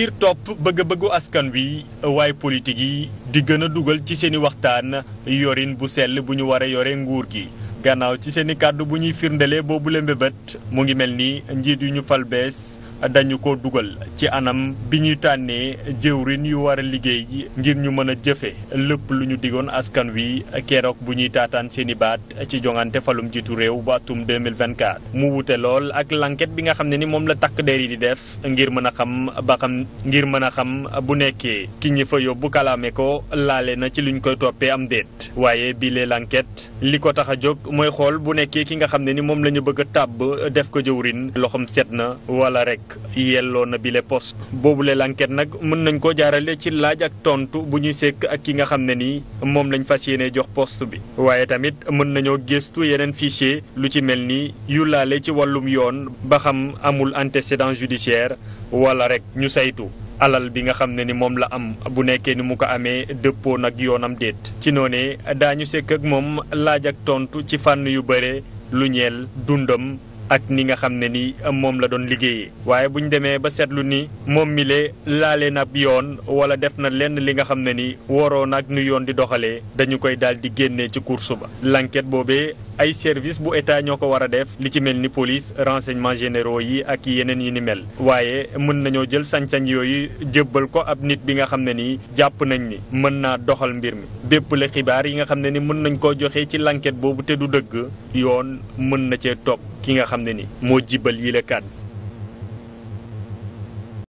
ngir topp bëgg-bëggu askan wi waaye politique yi di gën a dugal ci seeni waxtaan yorin bu sell bu ñu war yore nguur gi gannaaw ci seeni kàddu bu ñuy firndele boobu la mu ngi mel ni njiit yu ñu fal bees dañu ko dugal ci anam bi ñuy tànnee jëwrin yu war a liggéey ngir ñu mën a jëfe lépp lu ñu digoon askan wi keroog bu ñuy taataan seeni baat ci jongante falum jiitu réew bu atum 2024 mu wute lool ak l'enquête bi nga xam ne ni moom la takk der yi di def ngir mën a xam ba xam ngir mën a xam bu nekkee ki ñi fa yóbbu kalaame ko laale na ci luñ koy toppee am déet waaye bii lee l'enquête li ko tax a jóg mooy xool bu nekkee ki nga xam ne ni moom la ñu bëgg a tàbb def ko jëwrin loxom set na wala rek nag yelloo na bile boobu lee l'enquête nag mën nañ ko jaarale ci laaj ak tontu bu ñuy sekk ak ki nga xam ne nii moom lañ fas yéene jox post bi waaye tamit mën nañoo gëstu yeneen fichier lu ci mel ni yu laale ci wàllum yoon ba xam amul antécédent judiciaire wala rek ñu saytu alal bi nga xam ne ni moom la am bu nekkee ni mu ko amee dëppoo nag yoonam déet ci noonee daañu sekk ak moom laaj ak tontu ci fànn yu bare lu ñeel dundam ak ni nga xam ne ni moom la doon liggéeye waaye bu ñu demee ba seetlu ni moom mi le laale na yoon wala def na lenn li nga xam ne ni waroon ak nu yoon di doxalee dañu koy daal di génnee ci course ba l'enquête boobee ay service bu état ñoo ko war a def li ci mel ni police renseignements généraux yi ak yeneen yi ni mel waaye mën nañoo jël sañ-sañ yooyu jëbbal ko ab nit bi nga xam ne ni jàpp nañ ni mën naa doxal mbir mi bépp la xibaar yi nga xam ne ni mën nañ koo joxe ci l'enquête boobu te du dëgg yoon mën na cee topp ki nga xam ne ni moo jibal yi la kàddu